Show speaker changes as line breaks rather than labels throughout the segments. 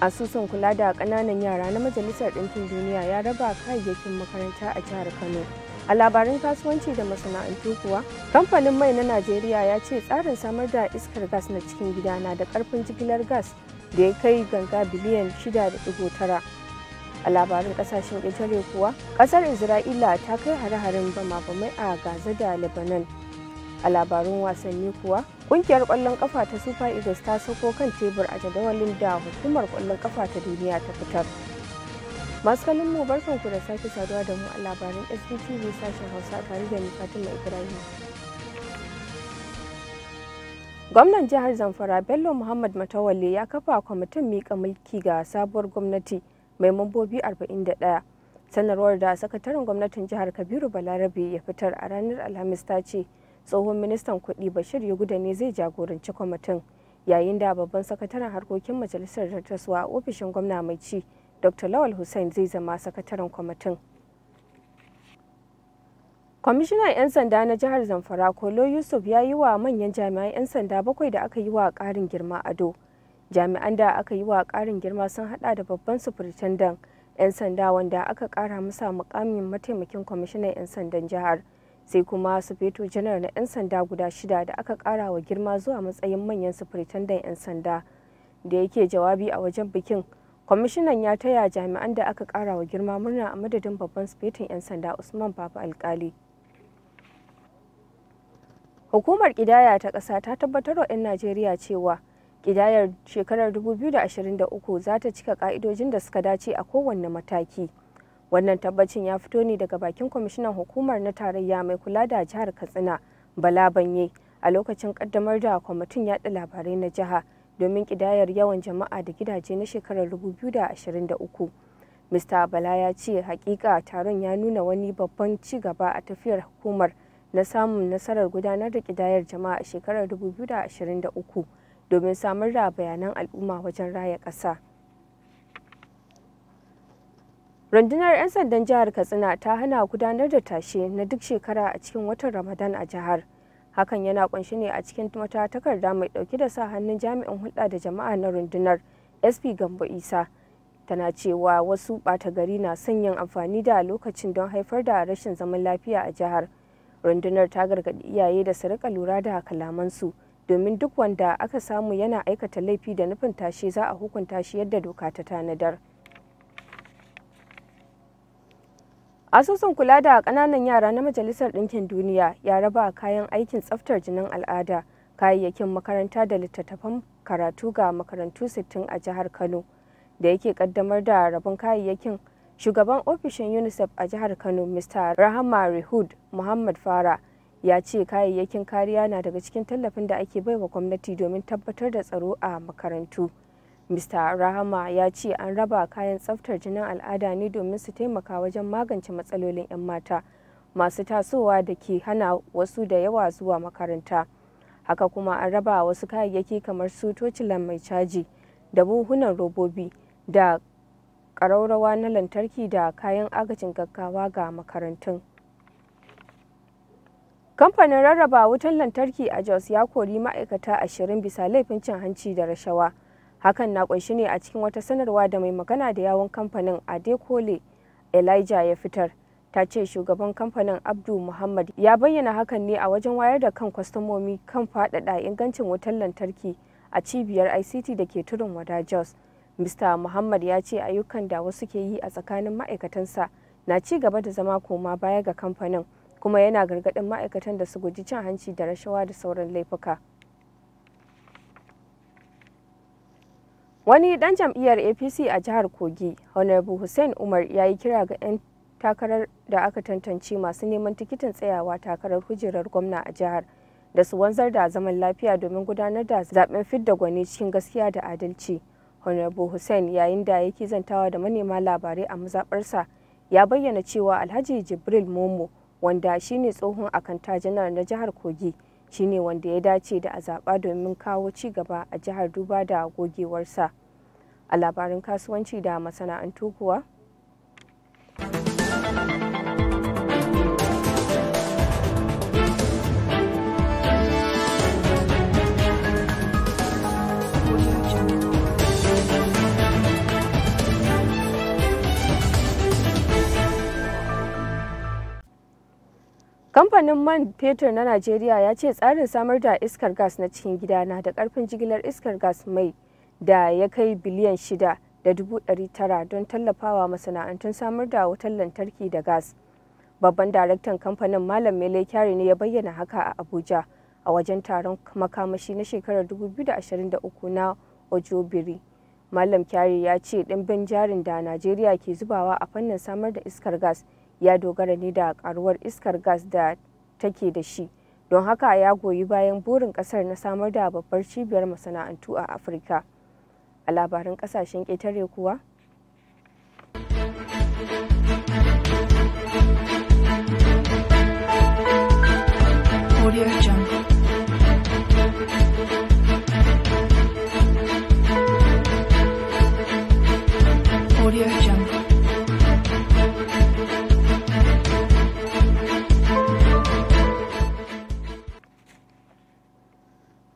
asusun kula da ƙananan yara na majalisar ɗinkin duniya ya raba kayayyakin makaranta a jihar kano a labarin kasuwanci da masana'antu kuwa kamfanin mai na najeriya ya ce tsarin samar da iskar gas na cikin gida na da karfin jigilar gas da ya kai ganga biliyan 6.9 a labarin kasashen ƙetare kuwa ƙasar isra'ila ta kai hare-haren bama-bamai a gaza da lebanon a labarun wasanni kuwa kungiyar kwallon kafa ta super eagles ta sauko kan tebur a jadawalin da hukumar kwallon kafa ta duniya ta fitar masu kallon mu barkan ku da sake saduwa da mu a labarin sbtv sashen hausa tare da ni fatima ibrahim gwamnan jihar zamfara bello muhammad matawalle ya kafa kwamitin miƙa mulki ga sabuwar gwamnati mai mambobi 41 sanarwar da sakataren gwamnatin jihar kabiru balarabe ya fitar a ranar alhamis ta ce tsohon ministan kudi bashir yaguda ne zai jagoranci kwamitin yayin da babban sakataren harkokin majalisar dattaswa a ofishin gwamna mai ci dr lawal hussein zai zama sakataren kwamitin kwamishinan 'yan sanda na jihar zamfara kolo yusuf ya yi wa manyan jami'an 'yan sanda bakwai da aka yi wa karin girma ado jami'an da aka yi wa karin girma sun hada da babban sufuritandan 'yan sanda wanda aka kara musa mukamin mataimakin kwamishinan 'yan sandan jihar sai kuma sufeto janar na 'yan sanda guda shida da aka kara wa girma zuwa matsayin manyan sufuritandan 'yan sanda da yake jawabi a wajen bikin kwamishinan ya taya jami'an da aka kara wa girma murna a madadin babban sufetin 'yan sanda usman babu alkali hukumar kidaya ta ƙasa ta tabbatar wa 'yan najeriya cewa kidayar shekarar 2023 za ta cika ka'idojin da suka dace a kowane mataki wannan tabbacin ya fito ne daga bakin kwamishinan hukumar na tarayya mai kula da jihar katsina bala banye a lokacin kaddamar da kwamitin yatsa labarai na jiha domin kidayar yawan jama'a da gidaje na shekarar 2023 mista bala ya ce hakika taron ya nuna wani babban ci gaba a tafiyar hukumar na samun nasarar gudanar da kidayar jama'a a shekarar 2023 domin samar da bayanan al'umma wajen raya ƙasa. rundunar 'yan sandan jihar katsina ta hana gudanar da tashe na duk shekara a cikin watan ramadan a jihar hakan yana kunshi ne a cikin wata takarda mai dauke da sa hannun jami'in hulɗa da jama'a na rundunar sp gambo isa tana cewa wasu ɓata gari na son yin amfani da lokacin don haifar da rashin zaman lafiya a jihar rundunar ta gargaɗi iyaye da su rika lura da kalamansu domin duk wanda aka samu yana aikata laifi da nufin tashe za a hukunta shi yadda doka ta tanadar. asusun kula da kananan yara na majalisar ɗinkin duniya ya raba kayan aikin tsaftar jinin al'ada kayayyakin makaranta da littattafan karatu ga makarantu 60 a jihar kano da yake kaddamar da rabon kayayyakin shugaban ofishin unicef a jihar kano mr rahama rehud muhammad fara ya ce kayayyakin kariya na daga cikin tallafin da ake baiwa gwamnati domin tabbatar da tsaro a makarantu Mr. Rahama ya ce an raba kayan tsaftar jinin al'ada ne domin su taimaka wajen magance matsalolin 'yan mata masu tasowa da ke hana wasu da yawa zuwa makaranta. Haka kuma an raba wasu kayayyaki kamar su tocilan mai caji da buhunan robobi da ƙaraurawa na lantarki da kayan agajin gaggawa ga makarantun. Kamfanin rarraba wutan lantarki a Jos ya kori ma'aikata ashirin bisa laifin cin hanci da rashawa. hakan na kunshi ne a cikin wata sanarwa da mai magana da yawon kamfanin adekole elijah ya fitar ta ce shugaban kamfanin abdu muhammad ya bayyana hakan ne a wajen wayar da kan kwastomomi kan fadada ingancin wutar lantarki a cibiyar ict da ke turin wada jos mr muhammad ya ce ayyukan da wasu ke yi a tsakanin ma'aikatansa na ci gaba da zama koma baya ga kamfanin kuma yana gargaɗin ma'aikatan da su guji cin hanci da rashawa da sauran laifuka Wani ɗan jam'iyyar APC a jihar Kogi, Honorable Hussein Umar ya yi kira ga 'yan takarar da aka tantance masu neman tikitin tsayawa takarar kujerar gwamna a jihar da su wanzar da zaman lafiya domin gudanar da zaben fidda gwani cikin gaskiya da adalci. Honorable Hussein yayin da yake zantawa da manema labarai a mazaɓarsa ya bayyana cewa Alhaji Jibril Momo wanda shine tsohon akanta janar na jihar Kogi shine wanda ya dace da a zaɓa domin kawo ci gaba a jihar duba da gogewarsa. a labarin kasuwanci da masana'antu kuwa kamfanin man fetur na najeriya ya ce tsarin samar da iskar gas na cikin gida na da karfin jigilar iskar gas mai da ya kai biliyan shida da dubu ɗari tara don tallafawa masana'antun samar da wutar lantarki da gas. Babban daraktan kamfanin Malam Mele Kyari ne ya bayyana haka a Abuja a wajen taron makamashi na shekarar 2023 na Ojobiri. Malam Kyari ya ce ɗimbin jarin da Najeriya ke zubawa a fannin samar da iskar gas ya dogara ne da karuwar iskar gas da take da shi. Don haka ya goyi bayan burin kasar na samar da babbar cibiyar masana'antu a Afirka. a labarin kasashen ƙetare kuwa Audio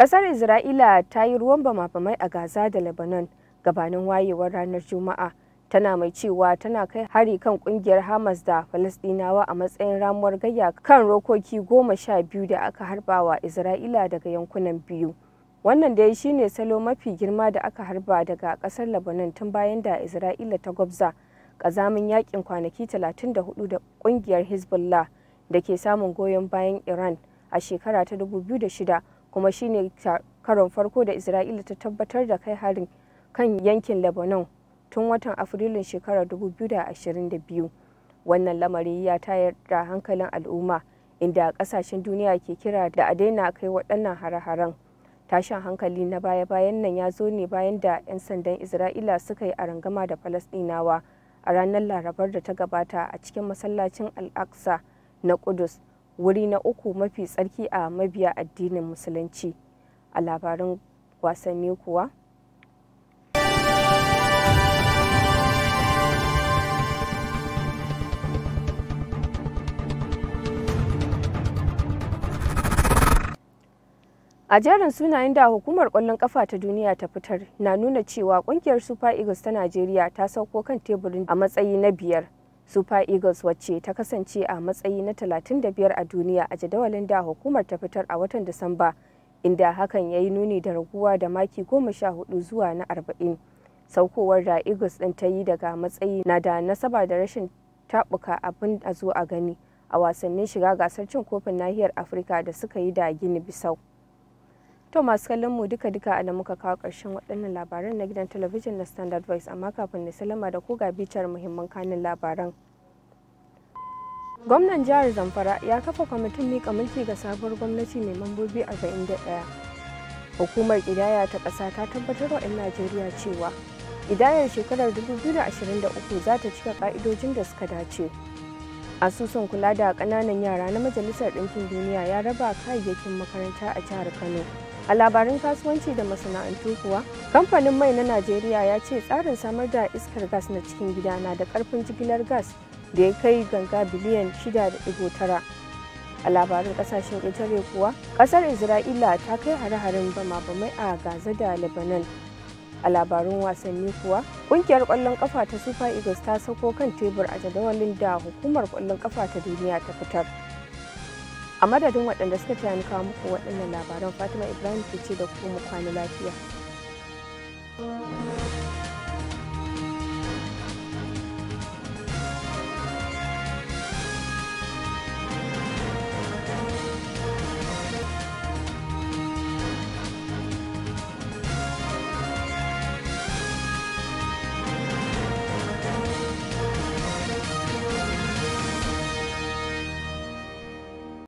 Kasar Isra'ila ta yi ruwan bama-bamai a Gaza da Lebanon gabanin wayewar ranar Juma'a. Tana mai cewa tana kai hari kan kungiyar Hamas da Falasdinawa a matsayin ramuwar gayya kan rokoki goma sha biyu da aka harba wa Isra'ila daga yankunan biyu. Wannan dai shine salo mafi girma da aka harba daga kasar Lebanon tun bayan da Isra'ila ta gwabza kazamin yakin kwanaki 34 da kungiyar Hezbollah da ke samun goyon bayan Iran a shekara ta 2006 kuma shine karon farko da isra'ila ta tabbatar da kai harin kan yankin lebanon tun watan afrilun shekarar 2022 wannan lamari ya tayar da hankalin al'umma inda kasashen duniya ke kira da a daina kai waɗannan hare-haren tashin hankali na baya-bayan nan ya zo ne bayan da 'yan sandan isra'ila suka yi a rangama da falasɗinawa a ranar larabar da ta gabata a cikin masallacin al na kudus wuri na uku mafi tsarki a mabiya addinin musulunci a labarin wasanni kuwa a jerin sunayen da hukumar kwallon kafa ta duniya ta fitar na nuna cewa kungiyar super eagles ta najeriya ta sauko kan teburin a matsayi na biyar super eagles wacce ta kasance a matsayi na 35 a duniya a jadawalin da hukumar ta fitar a watan disamba inda hakan ya yi nuni da raguwa da maki 14 zuwa na 40 saukowar da eagles din ta yi daga matsayi na da nasaba da rashin tabuka abin a zo a gani a wasannin shiga gasar cin kofin nahiyar afirka da suka yi da gini bisau To masu kallon mu duka duka a muka kawo ƙarshen waɗannan labaran na gidan talabijin na Standard Voice amma kafin na salama da ku ga bitar muhimman kanin labaran. Gwamnan jihar Zamfara ya kafa kwamitin miƙa mulki ga sabuwar gwamnati mai mambobi 41. Hukumar ƙidaya ta ƙasa ta tabbatar wa 'yan Najeriya cewa ƙidayar shekarar 2023 za ta cika ƙa'idojin da suka dace. Asusun kula da ƙananan yara na Majalisar Ɗinkin Duniya ya raba kayayyakin makaranta a jihar Kano. A labarin kasuwanci da masana'antu kuwa, kamfanin mai na Najeriya ya ce tsarin samar da iskar gas na cikin gida na da karfin jigilar gas da ya kai ganga biliyan 6.9. A labarin kasashen ƙetare kuwa, ƙasar Isra'ila ta kai hare-haren bama-bamai a Gaza da Lebanon. A labarun wasanni kuwa, ƙungiyar ƙwallon ƙafa ta Super Eagles ta sako kan tebur a jadawalin da hukumar ƙwallon ƙafa ta duniya ta fitar. a madadin waɗanda suka taya ni kawo muku waɗannan labaran fatima ibrahim ke ce da ku mu kwana lafiya